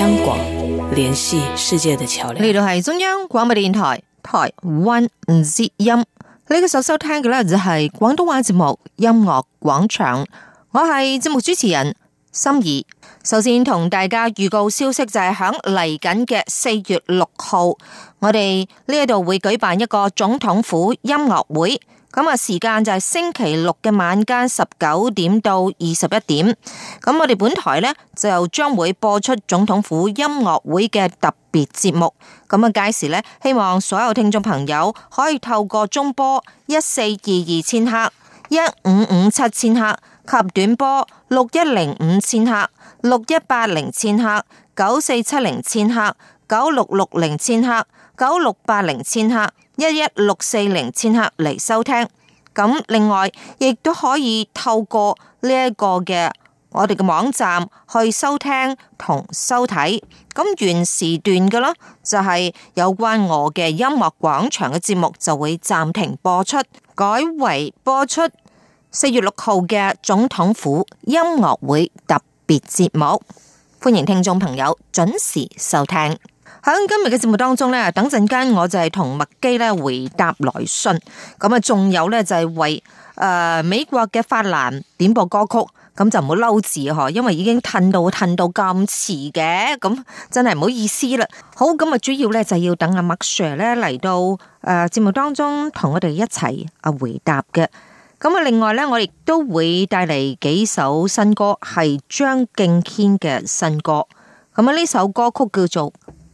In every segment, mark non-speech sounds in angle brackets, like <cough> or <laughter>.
香港聯繫世界的橋樑，呢度係中央廣播電台台灣之音。呢個首收聽嘅咧就係廣東話節目《音樂廣場》，我係節目主持人心儀。首先同大家預告消息，就係響嚟緊嘅四月六號，我哋呢一度會舉辦一個總統府音樂會。咁啊，時間就係星期六嘅晚間十九點到二十一點。咁我哋本台咧就將會播出總統府音樂會嘅特別節目。咁啊，屆時咧希望所有聽眾朋友可以透過中波一四二二千赫一五五七千赫及短波六一零五千赫六一八零千赫九四七零千赫九六六零千赫九六八零千赫。6180一一六四零千赫嚟收聽，咁另外亦都可以透過呢一個嘅我哋嘅網站去收聽同收睇。咁原時段嘅啦就係有關我嘅音樂廣場嘅節目就會暫停播出，改為播出四月六號嘅總統府音樂會特別節目，歡迎聽眾朋友準時收聽。喺今日嘅節目當中咧，等陣間我就係同麥基咧回答來信。咁啊，仲有咧就係為誒美國嘅法蘭點播歌曲。咁就唔好嬲字嗬，因為已經褪到褪到咁遲嘅，咁真係唔好意思啦。好，咁啊，主要咧就要等阿麥 Sir 咧嚟到誒節目當中同我哋一齊啊回答嘅。咁啊，另外咧我亦都會帶嚟幾首新歌，係張敬軒嘅新歌。咁啊，呢首歌曲叫做。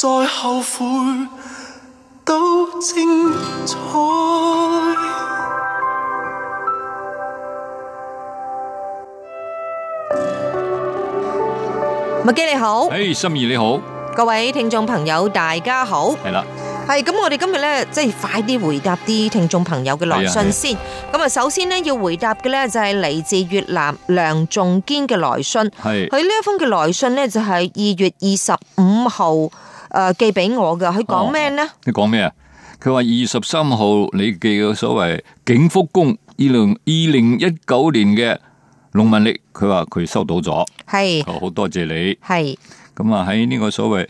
再後悔都精彩。麥基你好，嘿，心儀你好，各位聽眾朋友大家好，係啦，係咁，我哋今日咧即係快啲回答啲聽眾朋友嘅來信先。咁啊，首先咧要回答嘅咧就係嚟自越南梁仲堅嘅來信，係佢呢一封嘅來信咧就係二月二十五號。誒、呃，寄俾我嘅，佢講咩呢？哦、你講咩啊？佢話二十三號你寄嘅所謂景福宮二零二零一九年嘅農民曆，佢話佢收到咗。係好多謝你。係咁啊，喺呢個所謂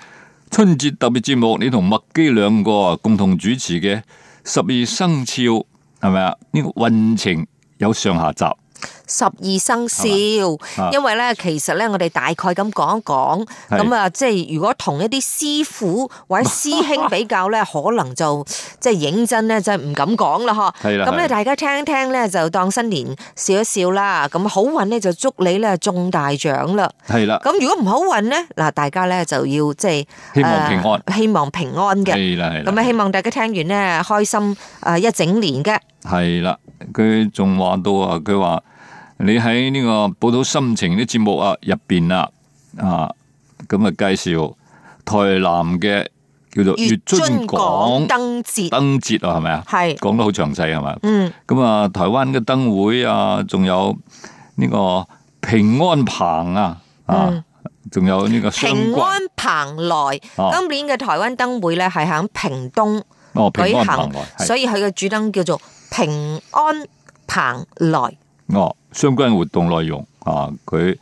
春節特別節目，你同麥基兩個共同主持嘅十二生肖係咪啊？呢個運程有上下集。十二生肖，因為咧，其實咧，我哋大概咁講一講，咁啊，即係如果同一啲師傅或者師兄比較咧，可能就即係認真咧，即係唔敢講啦，嗬。係啦。咁咧，大家聽聽咧，就當新年笑一笑啦。咁好運咧就祝你咧中大獎啦。係啦。咁如果唔好運咧，嗱，大家咧就要即係希望平安，希望平安嘅。係啦係啦。咁啊，希望大家聽完咧開心啊一整年嘅。係啦，佢仲話到啊，佢話。你喺呢、這個報道心情啲節目啊，入邊啦，啊咁啊介紹台南嘅叫做月津港燈節燈節啊，係咪啊？係講得好詳細係咪？嗯。咁啊，台灣嘅燈會啊，仲有呢個平安棚啊，啊，仲、嗯啊啊、有呢個平安棚、啊嗯啊、來、啊。今年嘅台灣燈會咧係喺屏東舉行，哦、所以佢嘅主燈叫做平安棚來哦，相關活動內容啊，佢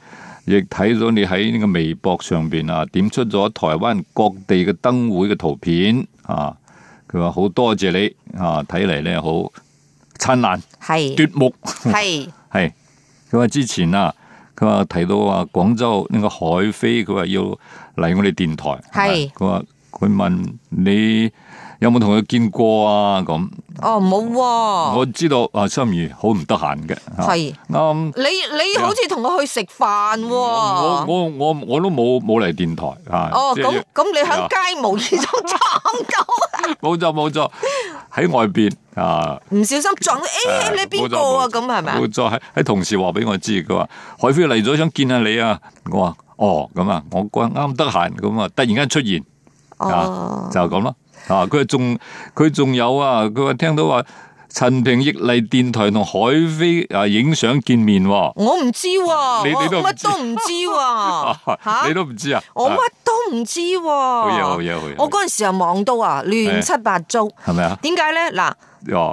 亦睇咗你喺呢個微博上邊啊，點出咗台灣各地嘅燈會嘅圖片啊，佢話好多謝你啊，睇嚟咧好燦爛，係奪目，係係佢話之前啊，佢話提到話廣州呢個海飛，佢話要嚟我哋電台，係佢話佢問你，有冇同佢見過啊？咁哦，冇、啊。我知道阿心儀好唔得閒嘅，係啱、嗯。你你好似同我去食飯喎。我我我我都冇冇嚟電台吓。哦，咁、就、咁、是、你喺街無意中、啊、撞到冇錯冇錯，喺外邊啊，唔小心撞到誒、哎哎，你邊個啊？咁係咪？冇錯，喺喺同事話俾我知，佢話海飛嚟咗想見下你啊。我話哦咁啊，我今啱得閒，咁啊，突然間出現啊、哦，就咁咯。啊！佢仲佢仲有啊！佢話聽到話陳平益麗電台同海飛啊影相見面，我唔知喎，啊啊，你乜都唔知喎，你都唔知啊？我乜都唔知喎，啊啊啊，好嘢，好嘢，好嘢！我嗰陣時候忙到啊亂七八糟，係咪啊？點解咧？嗱，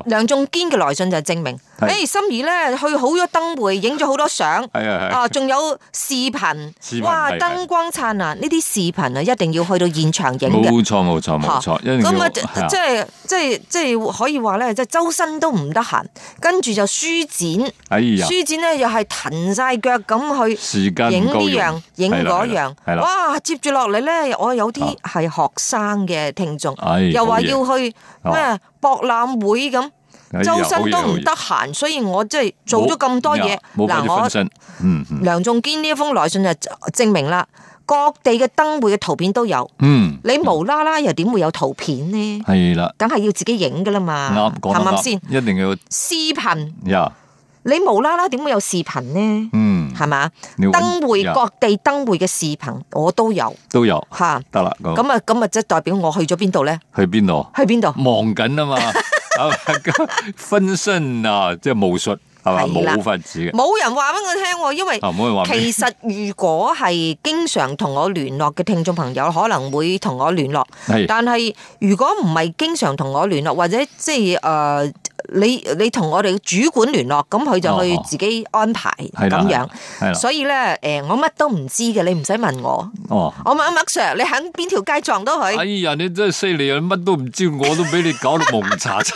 梁仲堅嘅來信就係證明。誒、欸，心儀咧去好多燈會，影咗好多相，啊，仲有視頻，哇，燈光燦爛，啊，呢啲視頻啊，一定要去到現場影嘅，冇錯冇錯冇錯，咁啊，即係即係即係可以話咧，即係周身都唔得閒，跟住就書展，書展咧又係騰晒腳咁去影呢樣影嗰樣，哇，接住落嚟咧，我有啲係學生嘅聽眾，啊，又話要去咩、啊、博覽會咁。哎、周身都唔得閒，所以我即係做咗咁多嘢。嗱，我梁仲堅呢一封來信就證明啦、嗯，各地嘅燈會嘅圖片都有。嗯，你無啦啦又點會有圖片呢？係、嗯、啦，梗係要自己影噶啦嘛。啱，啱先？一定要視頻。有、嗯、你無啦啦點會有視頻呢？嗯，係嘛？燈會、嗯、各地燈會嘅視頻我都有，都有吓得啦。咁啊咁啊，即係代表我去咗邊度咧？去邊度？去邊度？望緊啊嘛。 <laughs> 啊， <laughs> 分身啊，即係巫術係嘛？冇法子嘅，冇人話俾我聽，因為其實如果係經常同我聯絡嘅聽眾朋友，可能會同我聯絡， <laughs> 係，但係如果唔係經常同我聯絡，或者即係誒。呃你你同我哋主管聯絡，咁佢就去自己安排咁、哦哦、樣，所以咧，誒、欸，我乜都唔知嘅，你唔使問我。哦、我問阿麥 Sir，你喺邊條街撞到佢？哎呀，你真係犀利啊！乜都唔知，我都俾你搞到蒙查查，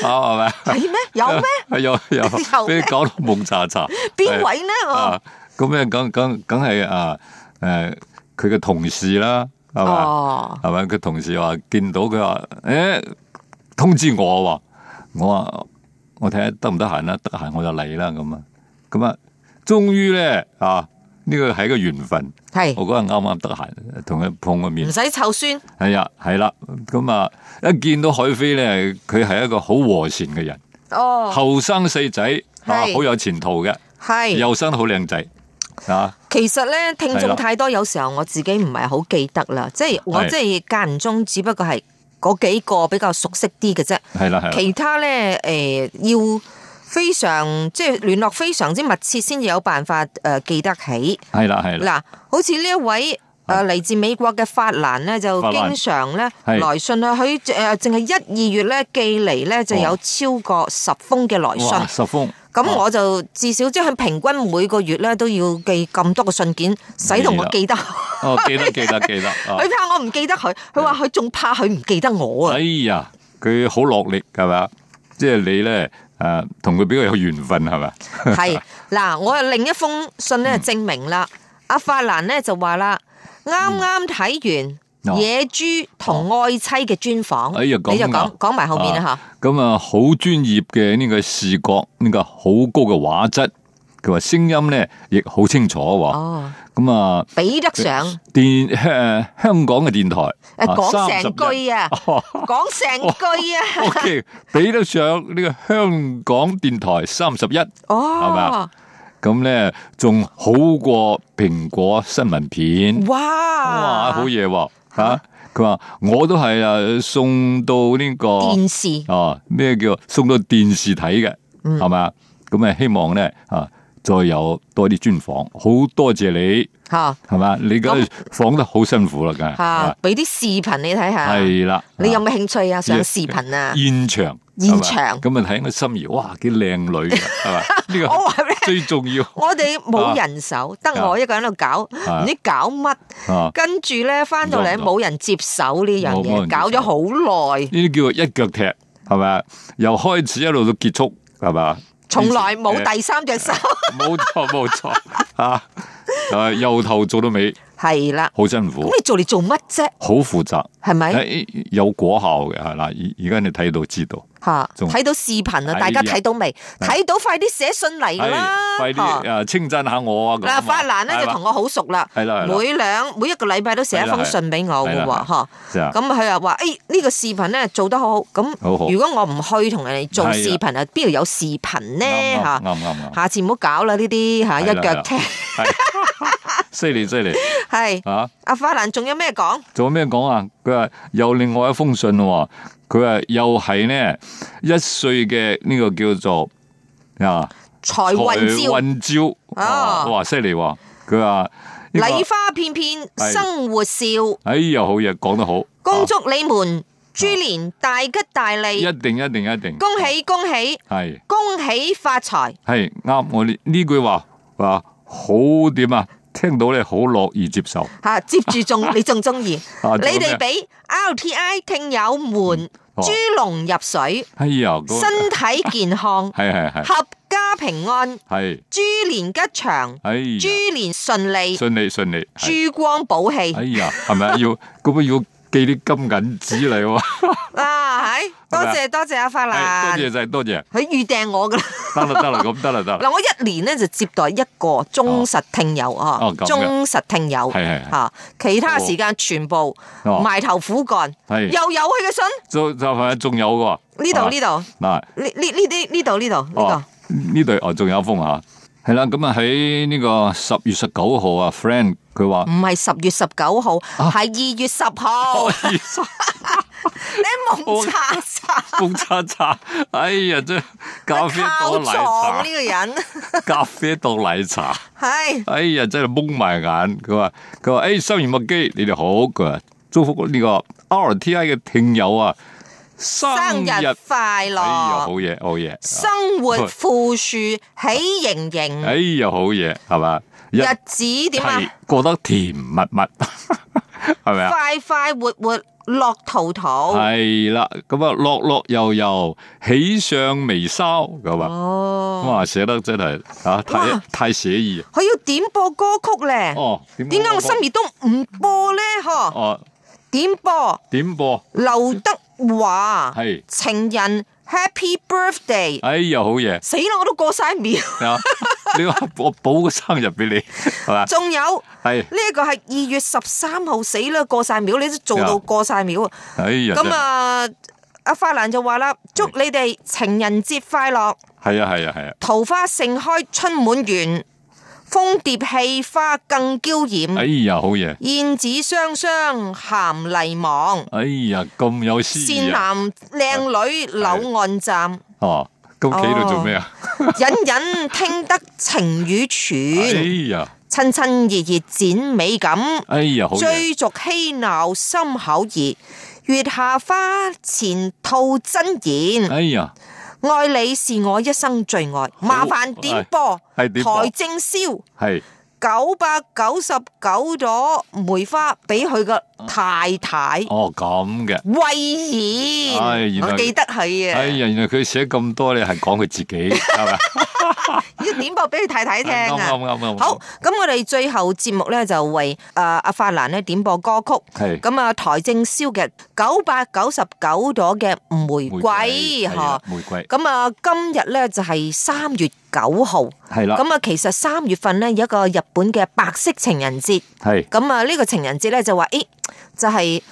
係 <laughs> 咪 <laughs> <laughs> 是嗎？係 <laughs> 咩？有咩？係 <laughs> 有有，俾 <laughs> 你搞到蒙查查。邊 <laughs> 位咧呢？哦，咁咩？梗梗梗係啊，誒，佢嘅、啊呃、同事啦，係嘛？係、哦、咪？佢同事話見到佢話，誒、欸。通知我，我話我睇下得唔得閒啦，得閒我就嚟啦咁啊，咁啊，終於咧啊，呢個係一個緣分，係我嗰日啱啱得閒，同佢碰個面，唔使湊孫，係啊，係啦、啊，咁啊，一見到海飛咧，佢係一個好和善嘅人，哦，後生四仔，係好、啊、有前途嘅，係又生得好靚仔，啊，其實咧聽眾太多、啊，有時候我自己唔係好記得啦，即係我即係間唔中，只不過係。嗰幾個比較熟悉啲嘅啫，係啦係啦，其他咧誒、呃、要非常即係聯絡非常之密切先至有辦法誒記得起，係啦係啦。嗱，好似呢一位誒呃、嚟自美國嘅法蘭咧，就經常咧來信啊，佢誒淨係一二月咧寄嚟咧就有超過十封嘅來信，哇，十封。咁我就至少即係平均每個月咧都要寄咁多個信件，使同我記得。哦，記得記得記得。佢怕我唔記得佢，佢話佢仲怕佢唔記得我啊。哎呀，佢好落力，係嘛？即係你咧，誒，同佢比較有緣分，係嘛？係嗱，我有另一封信咧證明啦，嗯，阿法蘭咧就話啦，啱啱睇完。嗯野豬同愛妻嘅專訪，哎呀，你就講講埋後面啦吓。咁啊，好專業嘅呢個視覺，這個、呢個好高嘅畫質，佢話聲音咧亦好清楚、啊。話哦，咁啊，比得上、啊、電誒、呃、香港嘅電台，講、啊、成句啊，講、啊、成句啊。哦、 <laughs> OK，比得上呢個香港電台三十一哦，係咪啊？咁咧仲好過蘋果新聞片。哇，哇好嘢喎、啊！吓、啊，佢話我都係啊送到呢、那個電視哦，咩、啊、叫送到電視睇嘅，係咪啊？咁啊希望咧啊，再有多啲專訪，好多謝你吓，係、啊、嘛？你梗係訪得好辛苦啦，梗係、啊、吓，俾啲視頻你睇下，係啦，你有冇興趣啊？啊上視頻啊？現場。現場，咁啊睇個心儀，哇幾靚女係咪？呢 <laughs> 個最重要的。我哋冇 <laughs> 人手，得、啊、我一個人喺度搞，唔、啊、知搞乜、啊。跟住咧翻到嚟冇人接手呢樣嘢，搞咗好耐。呢啲叫做一腳踢，係咪啊？由開始一路到結束，係咪？從來冇第三隻手。冇錯冇錯啊！誒，由頭做到尾。係啦，好辛苦。咁你做嚟做乜啫？好負責，係咪？有果效嘅係啦，而而家你睇到知道吓，睇、啊、到視頻啊、哎，大家睇到未？睇、哎、到快啲寫信嚟啦，哎啊、快啲誒稱讚下我啊！嗱，法蘭咧就同我好熟啦，係啦，每兩每，每一個禮拜都寫一封信俾我嘅，嗬。咁佢又話誒呢個視頻咧做得好好，咁如果我唔去同人哋做視頻啊，邊度有視頻呢？吓、嗯？啱、嗯、啱，下次唔好搞啦呢啲吓，一腳踢。 <laughs> 犀利犀利，係啊！阿花蘭仲有咩講？仲有咩講啊？佢話有，有、啊、有另外一封信喎，佢話又係呢一歲嘅呢個叫做啊財運照，啊話犀利喎，佢話禮花片片生活笑，哎呀好嘢，講得好，恭祝你們豬年大吉大利，一定一定一定，恭喜、啊、恭喜，係恭喜發財，係啱我呢呢句話話好點啊？聽到你，好樂意接受吓，接住仲你仲中意，你哋俾 L T I 聽友們，豬籠入水，哎呀，身體健康，係係係，合家平安，係，豬年吉祥，哎，豬年順利，順利順利，珠光寶氣，哎呀，係咪啊？要，咁咪要。寄啲金銀紙嚟喎，係、啊，多謝多謝阿法蘭，多謝晒、啊、多謝，佢預訂我噶啦，得啦得啦咁得啦得，嗱 <laughs> 我一年咧就接待一個忠實聽友嗬、哦哦哦，忠實聽友係係吓，其他時間全部埋頭苦幹、哦，又有佢嘅信，就係仲有噶，呢度呢度嗱，呢呢呢啲呢度呢度呢度呢對哦，仲有一封吓、啊。係啦，咁啊喺呢個十月十九號啊，friend 佢話唔係十月十九號，係二月十號。你蒙查查，蒙查查，哎呀，真咖啡倒奶茶呢個人， <laughs> 咖啡倒奶茶係、 <laughs> 哎，哎呀真係蒙埋眼。佢話，佢話誒，心如麥基，你哋好佢話，祝福呢個 R T I 嘅聽友啊生日快樂，哎！好嘢，好嘢！生活富庶，喜盈盈。哎呀，好嘢，係嘛？日子點啊？過得甜蜜蜜，係咪啊？快快活活，樂陶陶。係啦，咁啊，樂樂又又，喜上眉梢，咁嘛？哦，哇，寫得真係啊，太太寫意。佢要點播歌曲咧？哦，點播？點解我心怡都唔播咧？嗬？哦，點播？點播？留得。哇，係情人 Happy Birthday，哎呀好嘢，死啦我都過晒秒， <laughs> 是啊、你話我補個生日俾你，係嘛？仲有係呢一個係二月十三號，死啦過晒秒，你都做到過晒秒啊！哎呀，咁啊阿法蘭就話啦，祝你哋情人節快樂，係啊係啊係啊，桃花盛開春滿園。蜂蝶戲花更嬌艷。哎呀，好嘢！燕子雙雙銜泥忙。哎呀，咁有詩意啊！善男靚女柳岸站。啊啊、站哦，咁企度做咩啊？隱隱聽得情語處哎呀！親親熱熱展美感，哎呀，好嘢！追逐嬉鬧心口熱，月下花前吐真言。哎呀！愛你是我一生最愛，麻煩點播台正宵。九百九十九朵梅花俾佢個太太。哦，咁嘅。魏延，我記得係啊。哎呀，原來佢寫咁多咧，你講佢自己係嘛？要點播俾佢太太聽啊！啱啱啱啱。好，咁我哋最後節目咧就為誒阿法蘭咧點播歌曲。係。咁啊，邰正宵嘅九百九十九朵嘅玫瑰嗬。玫瑰。咁啊，今日咧就係三月。九號係啦，咁啊，其實三月份咧有一個日本嘅白色情人節，係咁啊，呢個情人節咧就話，誒，就係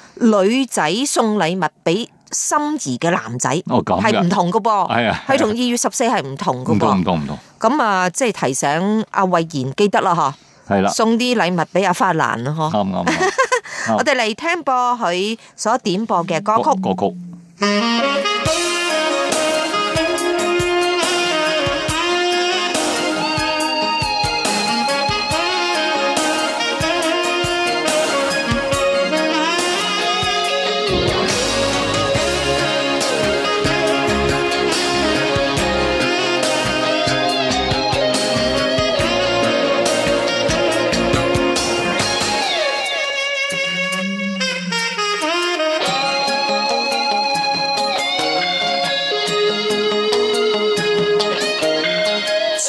女仔送禮物俾心儀嘅男仔，哦，咁係唔同嘅噃，係啊，係同二月十四係唔同嘅噃，唔同唔同唔同。咁啊，即係提醒阿慧賢記得啦，嗬，係啦，送啲禮物俾阿花蘭咯，嗬，啱唔啱？我哋嚟聽播佢所點播嘅歌曲，歌曲。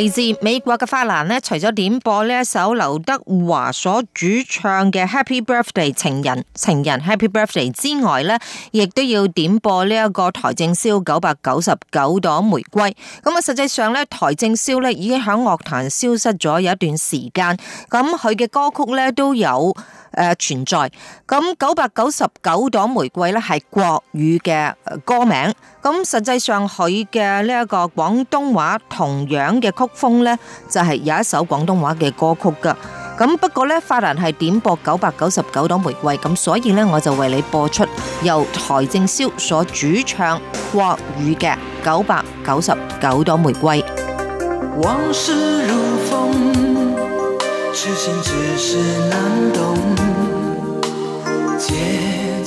嚟自美國嘅花蘭呢，除咗點播呢一首劉德華所主唱嘅《Happy Birthday 情人情人 Happy Birthday》之外呢，亦都要點播呢、這、一個邰正宵》九百九十九朵玫瑰。咁啊，實際上呢，《邰正宵》咧已經響樂壇消失咗有一段時間，咁佢嘅歌曲呢都有誒、呃、存在。咁九百九十九朵玫瑰呢係國語嘅歌名。咁實際上佢嘅呢一個廣東話同樣嘅曲風呢，就係有一首廣東話嘅歌曲噶。咁不過呢，法蘭係點播九百九十九朵玫瑰，咁所以呢，我就為你播出由邰正宵所主唱國語嘅《九百九十九朵玫瑰》。往事如風，痴心只是難懂。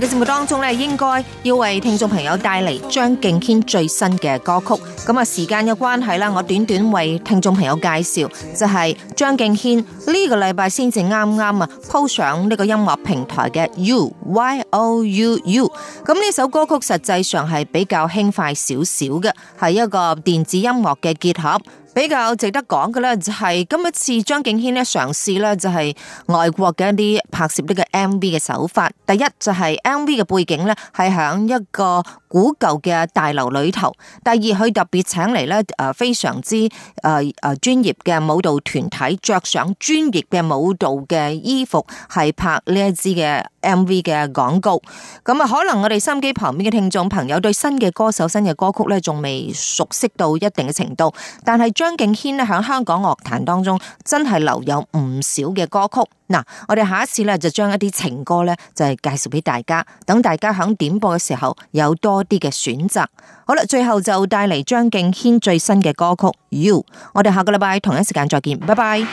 嘅節目當中咧，應該要為聽眾朋友帶嚟張敬軒最新嘅歌曲。咁啊，時間嘅關係啦，我短短為聽眾朋友介紹，就係張敬軒呢個禮拜先至啱啱啊鋪上呢個音樂平台嘅 You Y O U U。咁呢首歌曲實際上係比較輕快少少嘅，係一個電子音樂嘅結合。比較值得講嘅呢，就係今一次張敬軒咧嘗試呢，就係外國嘅一啲拍攝呢個 MV 嘅手法。第一就係。M V 嘅背景咧，係響一個古舊嘅大樓裏頭。第二，佢特別請嚟咧，誒，非常之誒誒專業嘅舞蹈團體，着上專業嘅舞蹈嘅衣服，係拍呢一支嘅 M V 嘅廣告。咁啊，可能我哋收機旁邊嘅聽眾朋友對新嘅歌手、新嘅歌曲咧，仲未熟悉到一定嘅程度。但係張敬軒咧響香港樂壇當中，真係留有唔少嘅歌曲。嗱，我哋下一次咧，就將一啲情歌咧，就係介紹俾大家。等大家喺點播嘅時候有多啲嘅選擇，好啦，最後就帶嚟張敬軒最新嘅歌曲《You》，我哋下個禮拜同一時間再見，拜拜。 <music>